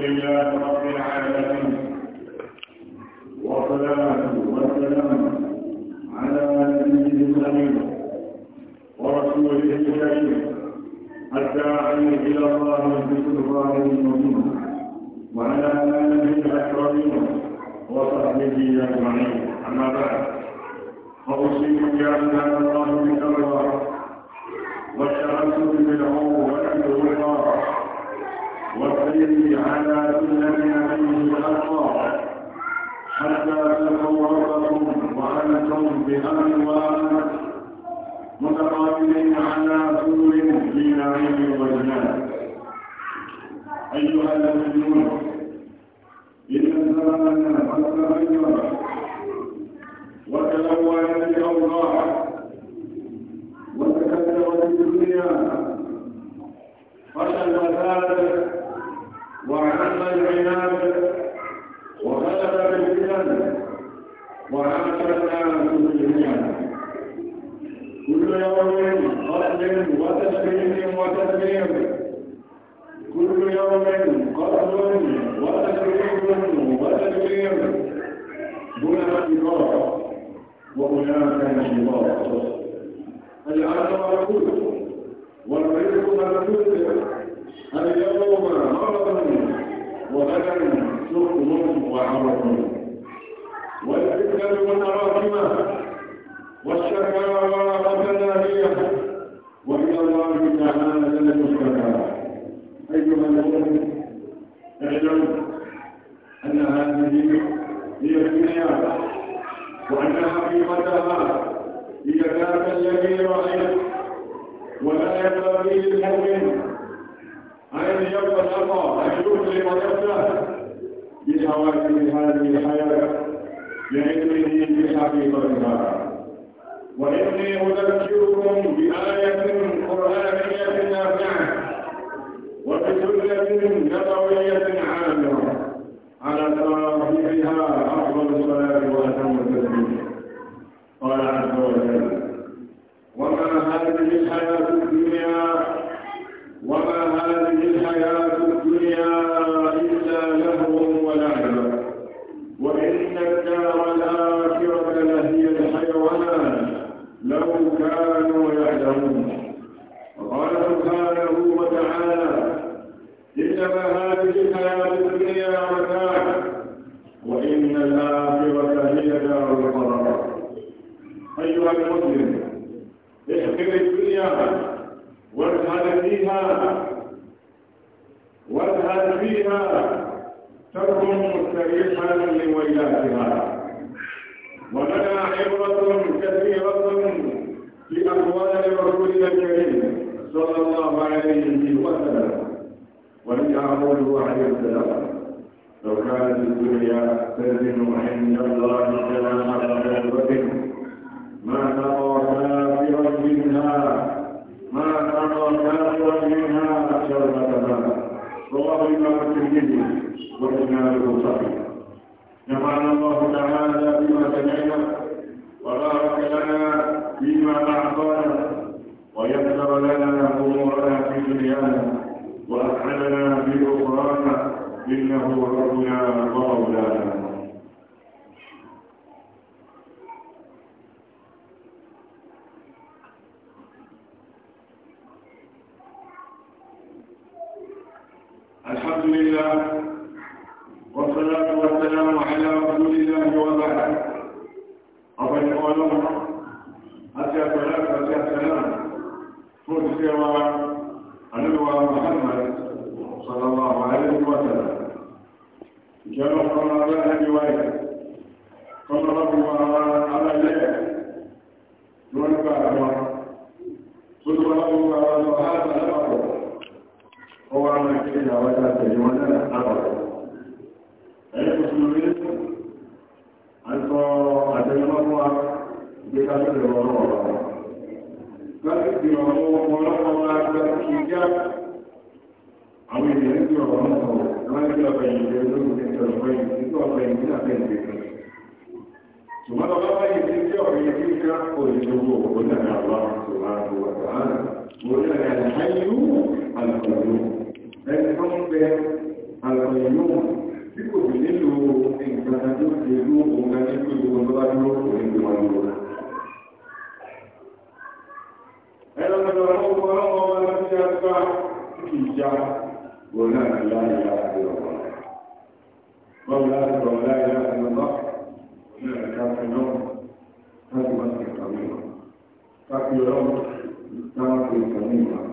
لله رب العالمين والصلاة والسلام على نبيه الكريم ورسوله الكريم الداعي إلى الله بسلطانه المبين وعلى آله الأكرمين وصحبه أجمعين أما بعد فأوصيكم يا عباد الله بتقوى والتأسف بالعمر وأن الله والسير على سنة نبيه الأخطار حتى تلقوا ربكم وأنتم بأمن وأمن متقابلين على سرور في نعيم وجنان أيها المسلمون إن زماننا قد تغير وتلوثت الأوضاع وتكدرت الدنيا فشل ذلك وعم العناد وغلب بالفتن وعاش الناس بالجهاد كل يوم قتل وتسليم وتسليم كل يوم قتل وتسليم وتسليم هنا انتصار وهناك انحدار العدل مردود والرزق مردود اليوم مرض وغدا سخن وعرض والفتنة متراكمة والشكاوى متناهية وإلى الله تعالى المشتكى فيها تكن مستريحا لويلاتها ولنا عبرة كثيرة في أقوال رسولنا الكريم صلى الله عليه وسلم وهي قوله عليه السلام لو كانت الدنيا تزن عند الله كلام تزن ما ترى كافرا منها ما ترى كافرا منها مثلا وقبل ما تكلمنا وجدنا لكم نفعنا الله تعالى بما سمعنا وبارك لنا فيما اعطانا ويسر لنا امورنا في دنيانا واحسننا في اخرانا انه ربنا ومولانا àwọn náà àpapọ̀. ẹ̀yẹ́ tuntun rí àìsọ àtẹnumọ́fọ́ ìgbé kájọ́lẹ̀ ọ̀rọ̀ ọ̀rọ̀ láti fi ọ̀rọ̀ ọ̀pọ̀lọpọ̀ àgbà kí já àwọn ènìyàn tí ọ̀rọ̀ náà sọ̀rọ̀ láti fi ọ̀pẹ̀ ìgbé lórí ẹ̀sẹ̀ ọ̀pẹ̀ ìgbé tó ọ̀pẹ̀ ìgbé àti ẹ̀sẹ̀ kan ṣùgbọ́n ọ̀pẹ̀ báyìí ti tí ọ̀rọ̀ yẹn kí ká kò lè gbogbo òkú náà àwọn àtòmáàtò àtàlà rẹ̀ lóhùn tí kò sì nílò nǹkan tó ti lú òun gan ní pé gbogbo tó bá dúró kò ní gbogbo wọn lọ. ẹlọ́pẹ̀lọ́ ọmọ ọmọ ọmọ tí a bá kì í já òun náà ti láyé láti ọ̀pọ̀. báwo láti sọ láyé láti ọ̀pọ̀ ní ẹ̀ka fi náà láti wá sí ìkàwé wọn. káfí ọlọ́mọ táwọn kò ìkàwé wọn.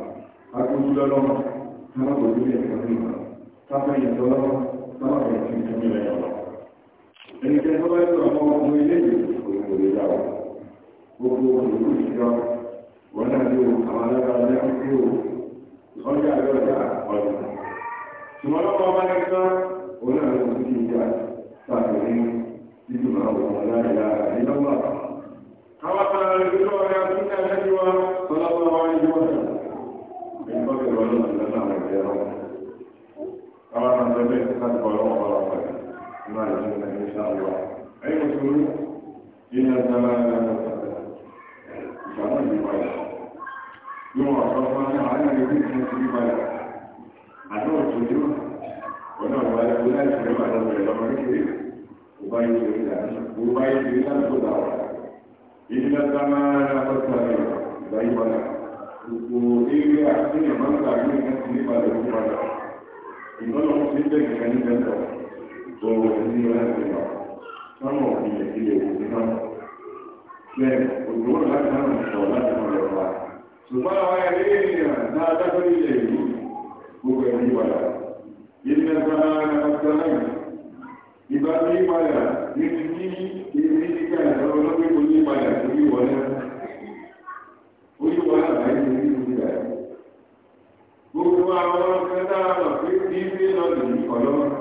akójú lọ́lọ́mọ táwọn kò ní ìkàwé wọn káfẹ́ ìyàtọ̀lọ́wọ́ ẹni tó láti bọ̀rọ̀ wọn bọ̀rọ̀ pẹ̀lú inú àlejò ní ẹni ṣá wà. ẹ̀yin mùsùlùmí yìí ní ọjọ́ náà ní ọjọ́ sọ̀rọ̀ ìgbàgbọ́ ìlú balẹ̀. bí wọn sọ fún wa ní àwọn ẹni tí kì í ti rí balẹ̀ àti òtún ní wọn. wọn náà wà lẹ́kọ̀ọ́ láì fi ẹ̀rọ àdàbọ̀ ẹ̀rọ kékeré kò bá yẹ kiri dàní kò bá yẹ kiri láti tó dà wà. yìí ní ọjọ́ náà ní ọjọ́ sọ̀rọ̀ ìgbà yìí wọn náà ìtọ́nà wọn ti ní ti ní ìrírí nígbà ìjọba olóògbé kò ní ìpadà sí ìwọlé náà àwọn ọlọ́pẹ́ dára lọ pé kí ń gbé lọ lè ní ọlọ́run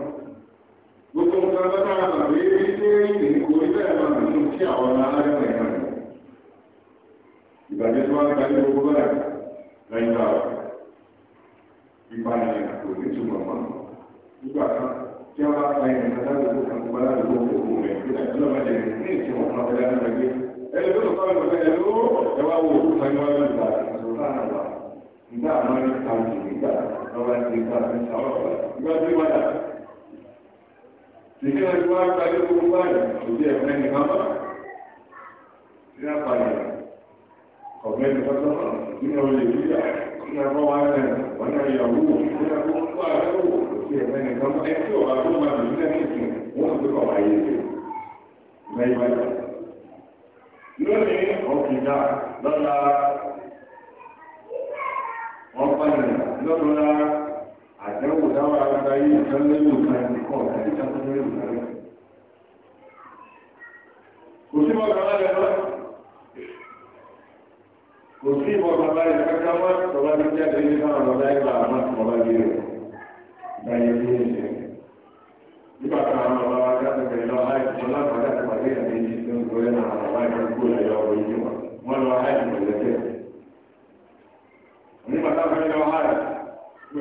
gbogbo nǹkan tó dára lọ pé kí ń gbé ìpè ní orí bẹ́ẹ̀ lọ nínú tí àwọn alárẹ̀mọ̀ ẹ̀ka rẹ̀ ìbàjẹ́ tó wá gbalẹ̀ gbogbo rẹ̀ lẹ́yìn tó àwọn ìpànìyàn kò ní túmọ̀ mọ́ nígbà kan tí wọ́n bá pa ẹ̀yìn kan ládùúgbò kan tó bá ládùúgbò kò kò rẹ̀ nígbà tí wọ́n bá jẹ ní ìtìmọ̀ fún abẹ́lẹ́ nígbà àwọn ẹni kan jù nígbà lọ́wọ́ ti gbà ní sọ́ọ̀rọ̀ nígbà tí wọ́n dà. Tìjọ́ ti wá gbájú gbogbo báyìí, òbí ẹ̀fọ́ ẹni kan Tí wọ́n padà ọ̀gbẹ́ ní náà nínú olè yíyá nínú ẹ̀fọ́ wa náà wọ́n náà yà wúwo nínú ẹ̀fọ́ wa náà wò òbí ẹ̀fọ́ ẹni kan Ẹ tí ọ̀rọ̀ àbúrò máa bì nílẹ̀ ní ìsìn wọ́n ti kọ̀ wáyé rẹ̀. Mẹ́yìí wáyé. Lónìí ọ̀kìdá lọ́la wọ́n pàdé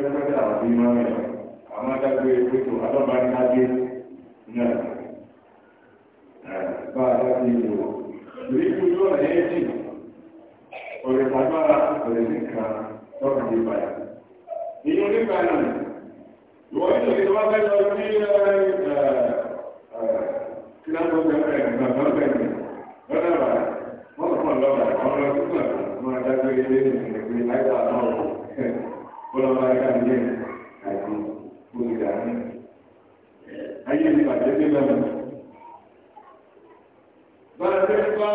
lẹ́gbẹ́dà àti mọ́mí àwọn adágbé pẹ̀tù alọ́bánilágbé náà bá adágbé ìlú ìrí ìpínlẹ̀ ọ̀nà ẹ̀ẹ́jì ọ̀rẹ́ pàgbára ọ̀rẹ́ nìkan tọ́kàn ní báyìí nínú nípa náà ìwọ́n ìṣòro wá fẹ́ lọ sí kíláàbù ọ̀gbẹ̀rẹ̀ ìgbàgbọ́gbẹ̀rẹ̀ lọ́dọ̀ bàá wọ́n kàn lọ́dọ̀ àwọn ọlọ́dún náà wọ́n adágbé ilé ìgbìyànjú láìpẹ́ àná bọ́lá bá ká ní lẹ́yìn àìkú kó ní dàní. ayé mi bàjẹ́ dé lọ́nà. bọ́lá tẹ́ ń bá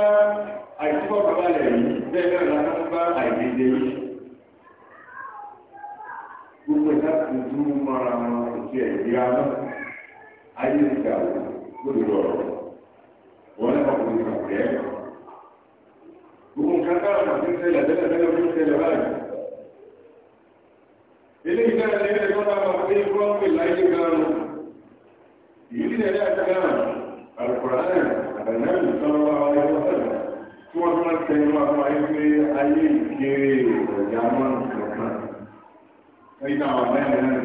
àìsíkọ́ bàbá rẹ̀ yìí bẹ́ẹ̀ náà la ń bá àìdèdè yìí. gbogbo ìta tuntun mara wọn òkè ẹ̀dí àná ayé mi gbà wọ́n lórí ọ̀rọ̀ wọ́n lẹ́kọ̀ọ́ kò ní kàwé ẹ̀. gbogbo nǹkan káàkiri ti ń ṣẹlẹ̀ tẹ́lẹ̀ tẹ́lẹ̀ ó ń ṣẹlẹ̀ báyìí. yi kwanfin lafi gano yi da ya ta gana alkuranin a nan sallallahu alaihi wasallam tí wọ́n tún tẹ wọ́n fún ayé pé ayé ìkéré ọ̀jà wọn lọ́kàn ẹ̀yìn àwọn mẹ́rin náà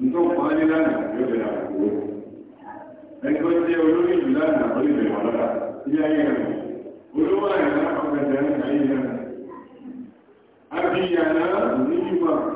nítorí wọn ní lánàá yóò bẹ̀rẹ̀ àkókò ẹni tó jẹ́ olórí ìlú lánàá ó lè bẹ̀rẹ̀ wọn lọ́la ilé ayé rẹ̀ olówó àyànná ọ̀gbẹ̀dẹ̀ ayé rẹ̀ abiyànná onímọ̀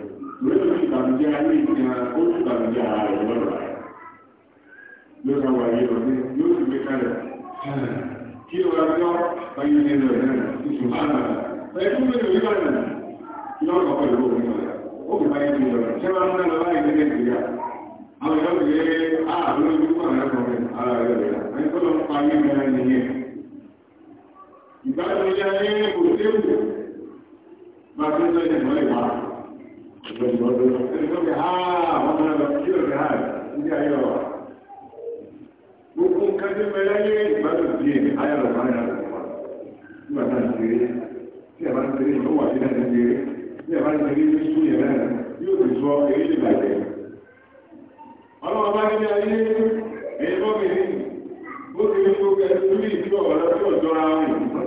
lórí ìbànújẹ́ ayé ìgbìmọ̀ ó ti bànújẹ́ ara rẹ̀ lọ́rọ̀ rẹ̀ ló sọ wà yé ọdún yóò sì gbé kalẹ̀ kí o wá gbọ́ ọyẹ nínú ẹ̀ náà oṣù hánà ẹ̀ tún bẹ̀rẹ̀ orí wà náà lọ́rọ̀ kọ́kọ́ ìlú òun náà ó kò bá yé ti lọ́rọ̀ ṣé wàá múná lọ báyìí ní nàìjíríà àwọn ìyá òkè ààbò ló dúpọ̀ náà kọ̀ ara rẹ̀ rẹ̀ ẹni tó lọ pa ayé náà nìyẹn ìbáraẹni ayé kò séwù bàtú sọ Gbogbo nǹkan tí mẹ́lá yé ìgbádùn bí i ayàlọ̀ máa yàrá ìwọ̀n. Nígbà náà ti rí, tí ẹ̀bá ti rí ìlú wà sí náà ti rí, tí ẹ̀bá ti rí ní sún yẹn náà yóò ti sọ èyí ti bàjẹ́. Ọlọ́run bá nílé ayé èyí bọ́ mi ní, ó ti rí gbogbo ẹni tó ní ìjọ ọ̀rọ̀ tí ọ̀jọ́ra wọn, wọ́n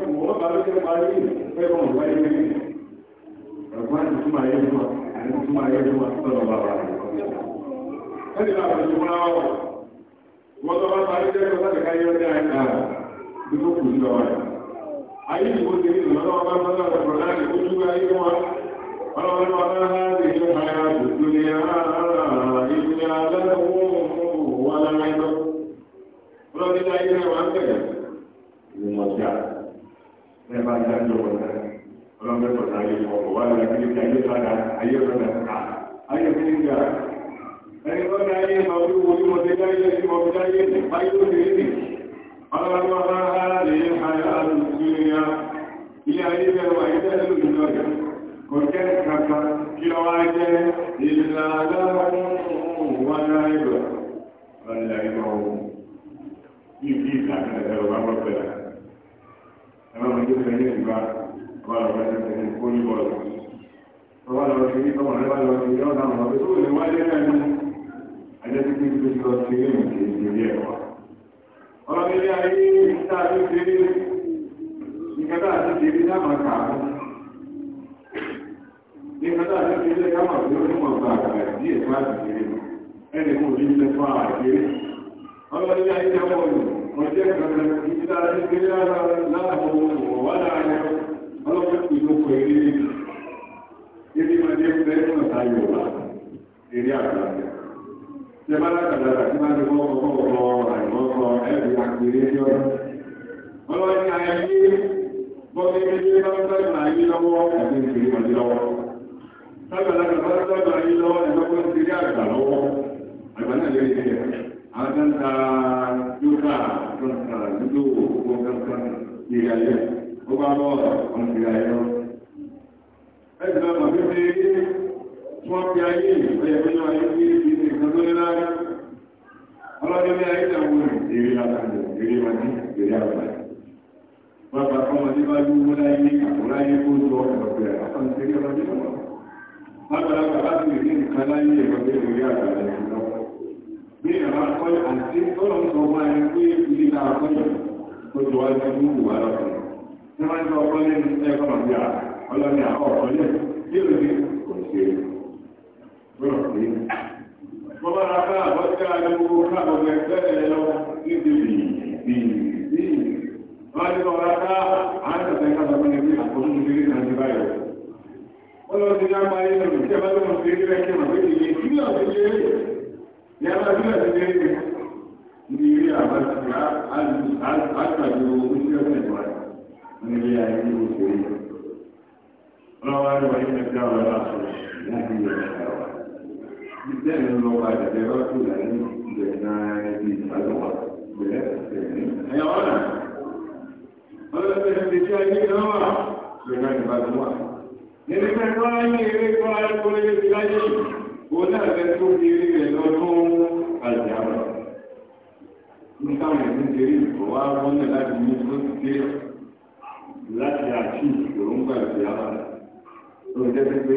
ti wọ́n bá lókè Lukman ìtumà yẹ zuwa àti ìtumà yẹ zuwa sọ̀rọ̀ bàbá rẹ̀. Ẹni náà bẹ̀rẹ̀ ìwọ́n náà wọ̀. Wọ́n tó bá parí jẹ́ kó sáti káyé ọdẹ àìkà bí ó kù sílọ wáyé. Ayé ìwò ti rí ìlú ọlọ́wọ́ wá ń bẹ̀rẹ̀. Ìmọ̀ ọ̀já. ìdájọ́ ọ̀gá orang berpercaya bahawa wala kini kaya pada ayat pada ayat tinggal. Dari mana ayat mau diuji merdeka ayat mau berjaya ayat ini. Allah Allah di hayat dunia. Ia ayat berwajib dalam dunia. Korban kata kilawanya illa lahu wa naibu. Wala ibu. Ibu tak ada orang berpercaya. Emang itu hanya ibarat wọ́n lọ bẹ́ẹ̀ tẹ̀lé kó ní bọ́ọ̀lù wọ́n lọ sí ní tọ́mọ̀ rẹ̀ wọ́n lọ sí ní ọ̀nà àwọn ọ̀bẹ tó lè wá lé náà ní ajẹ́ tí kí n tó lọ sí ní ìkéjì orí ẹ̀ wá. ọ̀rọ̀ ilé ayé ìta tó ṣe rí ìkẹta àti ṣe rí náà máa kà á. ìkẹta àti ṣe rí ká máa fi onímọ̀ gba àkàrà díẹ̀ fún àti ṣe rí ẹnì kò ní ṣe fún àṣẹ rí. ọ̀rọ̀ ilé ayé ìjọba ọ̀nà ọjọ́ ìkọ̀ọ̀kan ìdílé ọlọ́pẹ́ pẹ̀lú ọkọ̀ eré nínú eré máa jẹ́ fẹ́ fún ọ̀tá yorùbá eré àgbàlagbà ṣe bá lágbàlagbà tí máa ń gbọ́ ọkọ̀ ọ̀rọ̀ àìmọ́ ọkọ̀ ẹ̀rù àgbèrè ní ọ̀rọ̀ ọlọ́wọ́ ní ayé bọ́ọ̀lù ẹgbẹ́ bá ń sábà ayé lọ́wọ́ ẹgbẹ́ ìgbèrè wọn lọ́wọ́ lágbàlagbà bá ń sábà ayé lọ́wọ́ ẹgbẹ́ ìgbèrè àgbà lọ́wọ́ àgbà náà lè rí ẹ̀ àwọn kan ta yóò ká kan ta lúdò kan kan ìrìn àyẹ̀ ó bá bọ́ ọ̀rọ̀ ti ayé lọ. Ẹgbẹ́ ọmọ tó ṣe tí wọ́n fi ayé ìgbẹ́ ìgbẹ́ ayé ní ìdíje kan tó lélá. Ọlọ́dún ní ayé ìjàmù ní wọ́n ti ọkọ lẹ́nu ẹ̀kọ́ ọ̀dí à ọlọ́ni àkọ́ ọ̀kọ́ lẹ́nu bí o ní kò ṣe gbọ́dọ̀ pé. mo bá ra káà bọ́ sí ara gbogbo káà gbogbo ẹgbẹ́ rẹ̀ lọ níbi bìbì wọ́n ti ọ̀rá káà àádọ́sẹ̀ ká gbogbo ẹgbẹ́ àkóso ní ilé náà ti báyọ̀. wọ́n lọ sí dáńgbà yẹn lọ sí ẹ̀bá tó ń fi eré ẹ̀kẹ́ màgbé ìyẹn kí ni ọ̀sẹ̀ ṣe eré ní abájúlẹ̀ ti nílé ayé ní òṣèré ọlọ́wọ́ àríwá yìí mẹ́ta ọ̀rọ̀ láti láti yẹ̀ ẹ̀ka wa ìdílé mi lọ bá ìdílé bá tó là ní ìdílé náà ẹbí ìbálòpọ̀ bẹ̀rẹ̀ ẹ̀sẹ̀ ẹ̀yà ọ̀nà ọlọ́sẹ̀ ti tí ayé náà wà lọ́nà ìbálòpọ̀ nínú pẹ̀lú ayé eré kọ́ ayé ti láyé òun náà fẹ́ tó fi eré rẹ̀ lọ́dún àjàmọ̀ nígbà wọn ti ń ìfọwọ́ láti àti òrùngbà ìpè àwọn tó ń jẹ́ pé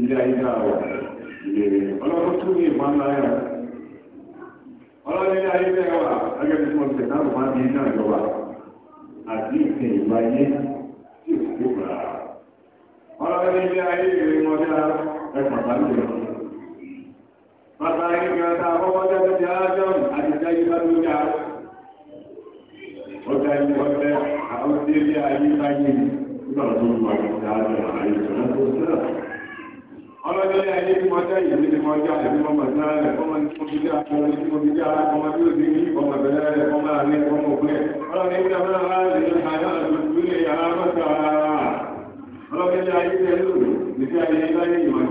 ilé ayé wà ìrèrè ọlọ́run tún ní ìmọ̀ ńlá yà ọlọ́run ilé ayé wà ẹgbẹ́ tí wọ́n náà máa ìjọba àti ayé tí a ọjà ilé ọjẹ́ àwọn tí ilé ayé báyé nígbà tó ń wà nípa àjọ àyè ìṣọ̀rọ̀ tó sílẹ̀. ọlọ́dẹ ilé ayé tí wọ́n jáyè ní ìmọ̀ ọjà àti ọmọ ìsáàlẹ̀ ọmọ ní mo ti dé akọni tí mo ti dé alákọmọ tí ó ti ní ọmọ ìbẹ̀rẹ̀ rẹ̀ ọmọ àlẹ́ ọmọ òpin ọlọ́dẹ ilé ọmọ aláàlẹ́ ìṣàyà àti ìṣúlẹ̀ yàrá mọ́ta ọlọ́dẹ ilé ayé tẹ́lú ìṣẹ́ ayé láyé ìmọ̀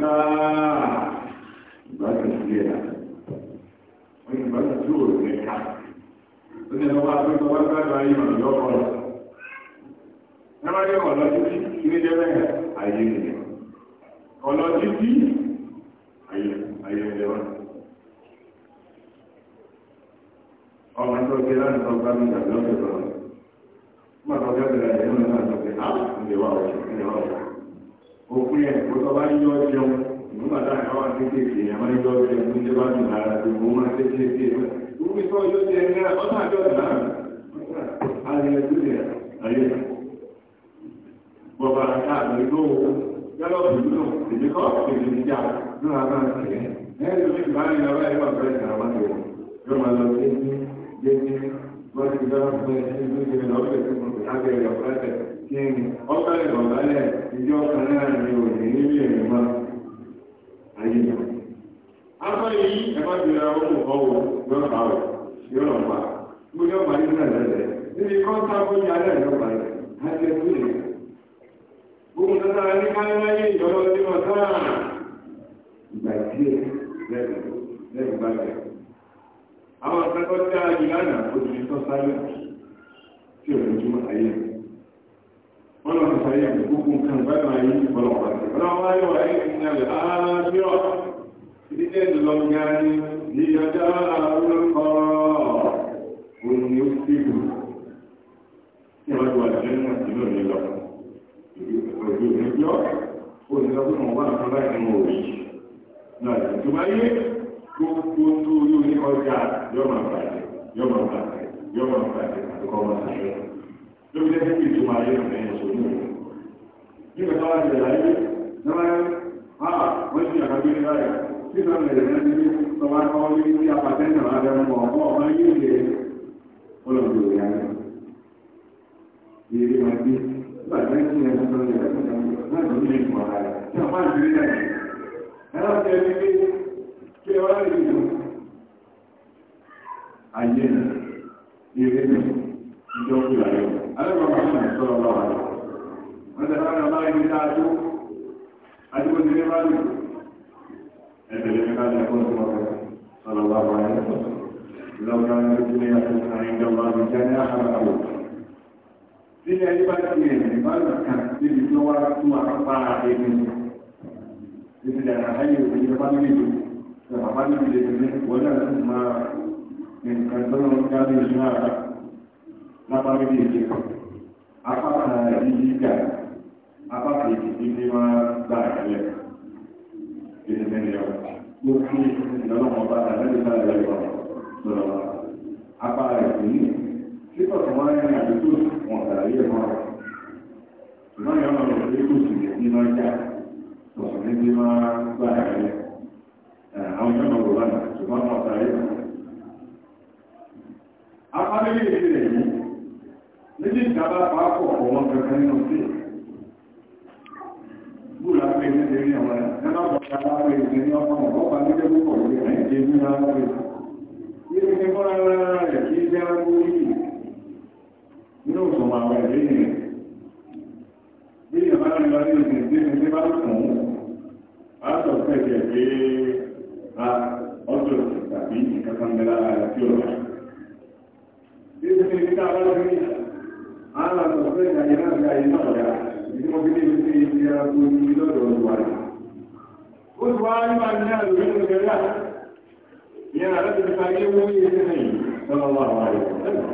bá yí ọ̀nà yọ́ kọ́ lọ. Ẹ bá yẹ ọ̀nà títí ní jẹ́bẹ̀ ayé nìyẹn. Ọ̀nà títí ayé ayé nìyẹn wọn. Ọmọ tó ṣe láti sọ bá mi tàbí ọ̀sẹ̀ tó lọ. Má sọ fẹ́ bẹ̀rẹ̀ ẹ̀yẹ́ mi náà sọ pé á ǹdẹ̀ wà ọ̀ṣẹ̀ ǹdẹ̀ wà ọ̀ṣẹ̀. Òpin ẹ̀ kó sọ bá yọ jẹun. Nígbà táwọn àwọn akékèké ẹ̀ máa yọ jẹun ní jẹ́ ẹgbẹ́ ọ̀sán àjọ̀dún náà nila duniya a yi bọ̀bà àti ìlú yálọ̀ ìlú ìdí kọ́ ìdí ìjà ló ra náà sí ẹ̀ ẹ́rì ló ti bá ni ò ní níbi ẹ̀rọ ayé lọ. afọ yìí ẹ má ti ọmọ ọwọ́ yóò fà ọ yóò lọ pa mo yóò pa nígbà lẹ́lẹ̀ níbi kọ́ńtà bóyá aláìlọ́gbà rẹ̀ láti ẹ̀kú rẹ̀. Gbogbo tata ní káyọ́láyé ìjọba tí wọ́n sáà ìgbà díẹ̀ lẹ́nu balẹ̀. Àwọn akẹ́kọ̀ọ́ tí a yìí lánàá obìnrin tó sáré tí ò lójú ayé. Wọ́n lọ sọ ayé àti gbogbo nǹkan ìbátan ayé ọlọ́pàá. Ọlọ́wọ́ ayé wà ayé ìpínlẹ̀ ààbíọ̀. Ìdíjẹ́ ìlọ́gbìn ayé ni ìyọjá àwọn olùkọ́ òun ni ó ti gbòó tí wọ́n wà lẹ́nu náà sínú ìlú lọ. Òbí òní jọ́ òṣìṣẹ́ fún ọ̀wá àtúnlá ìmọ̀ òbí. Náà ìjọba yé gbogbo tó yí oní ọjà yọ̀mọ̀ àbàjẹ́ yọ̀mọ̀ àbàjẹ́ yọ̀mọ̀ àbàjẹ́ àtúkọ̀ ọmọ sàṣẹ. Lóbi lẹ́sẹ̀ kí ìtumọ̀ ayé rẹ̀ ń sọ ní ìlú. Bí bàbá wa ti rà yé, náà wọ́n ti àkàgbé ní báyìí. Bí bàbá mi rẹ̀ náà ti ní sọ wá kọ́ ní bí apàtẹ́ńtà máa dẹnu mọ̀ ọ̀pọ̀ ọ̀pọ̀ yé ìlẹ̀ ọlọ́dún ìrírí wọn gbé nígbà ti yẹn lọ sọ́dọ̀ yẹn lọ́sọ̀dọ̀ náà ló ní ìmọ̀ ara rẹ̀ tí wọ́n máa ń gbé náà ẹ̀rọ ti ẹni pé kí ẹ wá lè dìbò ayé nà ìrírí nà ìjọ kú láyọ̀ alẹ́kọ̀ọ́ máa ń sàn sọ́dọ̀ lọ́wọ́ ti fẹ́ràn máa ń gbé náà ti ní bá lù ẹ̀bẹ̀rẹ̀ ní ká lẹ́kọ̀ọ́ ini ayé bá ini rìn kan? ini semua semua níbi tí wọ́n wá tún àpapá ẹni níbi dàrá ini? òbí bá ní ìlú bàbá níbi lè tẹ̀lé wọ́n náà tún máa nǹkan ini ń dá ní ìlú ara lápá méjì ìjẹ nígbà tó wọ́n rìn àdúgbò wọn àlàyé ẹ̀ máa ṣùgbọ́n ìyá ọmọ rẹ̀ lé kòsì rẹ̀ ní máa já kòsì ní bí máa gbà rẹ̀ àwọn ìyá ọmọ rẹ̀ wà náà ṣùgbọ́n wọn àlàyé ẹ̀ máa. apábílẹ̀ èdè rẹ̀ yìí níbi ìjàmbá pàápọ̀ ọ̀wọ́n kankan nínú sí búra pé ní ṣe ní ọmọ rẹ̀ nígbà tó ṣe aláwọ̀ èdè ní ọkọ̀ ọ̀pá nílé púpọ̀ lórí ẹ̀ inú òṣùwọ̀n àwọn ẹ̀rí nìyẹn bí ìyàmá ní ìlú ní ìsìn tí ní bá kùn ún á sọ fún ẹ̀jẹ̀ pé a ọjọ́ tàbí ìkankan bẹ lára rẹ̀ tí ó rà. bí ó ti ní ká bá lórí á là sọ fún ẹ̀jẹ̀ ayé náà ayé náà dá ìdí mo fi ní ìlú ní ìdí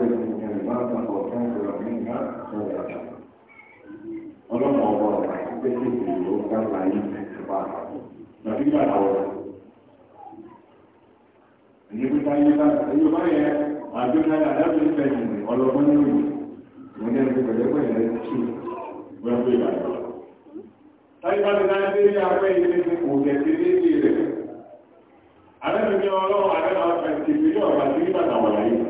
تجد كلمات وتنزل منها سورة ọlọ́mọ ọba ọba ìgbésí ìlú gbàgbà yìí ìfipá nàbí gbàgbà ọ̀rọ̀ ìyẹ́bíta yíyá yorùbá yẹ àjọyọ̀ adájọ́ ìfẹ̀yìn ọlọ́gbọ́n ní òyìn mo ní ẹni pẹ̀lẹ́pẹ̀ yẹn tí gbẹ́gbẹ́ ìyàgbọ́. táyíká ti náà dé ní abẹ́ ilé ní kò jẹ́ sí déédéé rẹ̀. alẹ́ mi ní ọlọ́run alẹ́ náà fẹ̀ tìbí ní ọ̀gá sí ìbàdàn wọ̀nyí.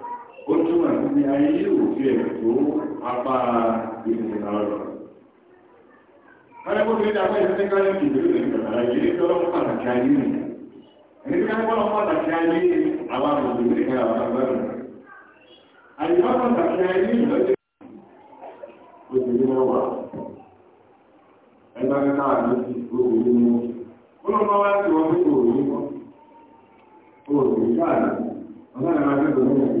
ó túmọ̀ sí ní ayé yóò fi ẹ̀ tó apá ìrìnà ọ̀rọ̀. Kálẹ́kùn ti dàgbà ìfẹ́ kálẹ́kùn ìlú ìrìnà ayé lọ́wọ́ pàtàkì ayé nì. Ẹni tí kálẹ́kùn lọ pàtàkì ayé àwọn àgbègbè nìkan àwọn agbára. Àyíká pàtàkì ayé ìlọ́jọ́ òṣèlú mẹ́wàá. Ẹgbẹ́ kíkà àti òṣèlú mú. Ó lọ bá wá sí wọn pé òòrùn mọ́. Òòrùn káàdì. Ọ̀sán ìrìnàjò tó ní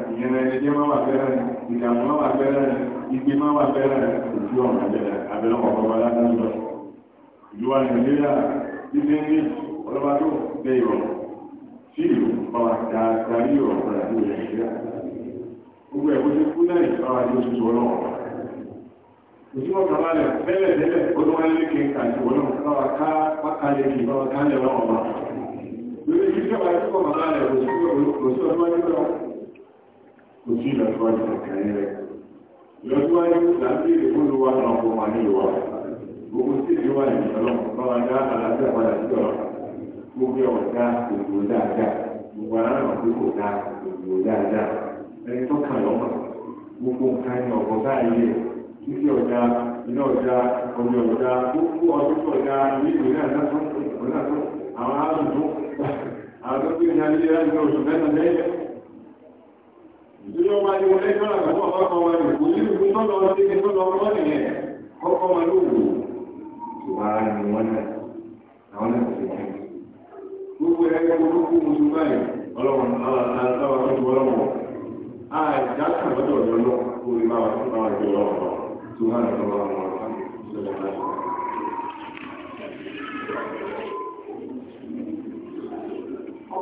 ìyẹn ẹgbẹ́ máa wà bẹ́rẹ̀ ìdààmú máa wà bẹ́rẹ̀ ìgbé máa wà bẹ́rẹ̀ ojú ọ̀nà bẹ̀rẹ̀ abẹ́rẹ́ ọ̀pọ̀ bá láti lọ. ìlú wa nàìjíríà títí ní ọlọ́ba tó dé ìrọ̀ sí ìlú báwa dáadáa ní ìrọ̀ padà sí ìrọ̀ nàìjíríà. gbogbo ẹ̀ bó ti kú náà ìbáwa ní oṣù ọlọ́wọ́. oṣù ọ̀gá balẹ̀ tẹ́lẹ̀ tẹ́lẹ̀ ó tó wáyé lékè kàti ọlọ́wọ́ báwa ká pákálẹ̀ kì báwa ká lẹ̀ lọ́wọ́ kò aráàlú tó kà tó ọ̀dà ìlú náà lásán àwọn gbé ní mẹ́ta lẹ́yìn Ilé ọmọ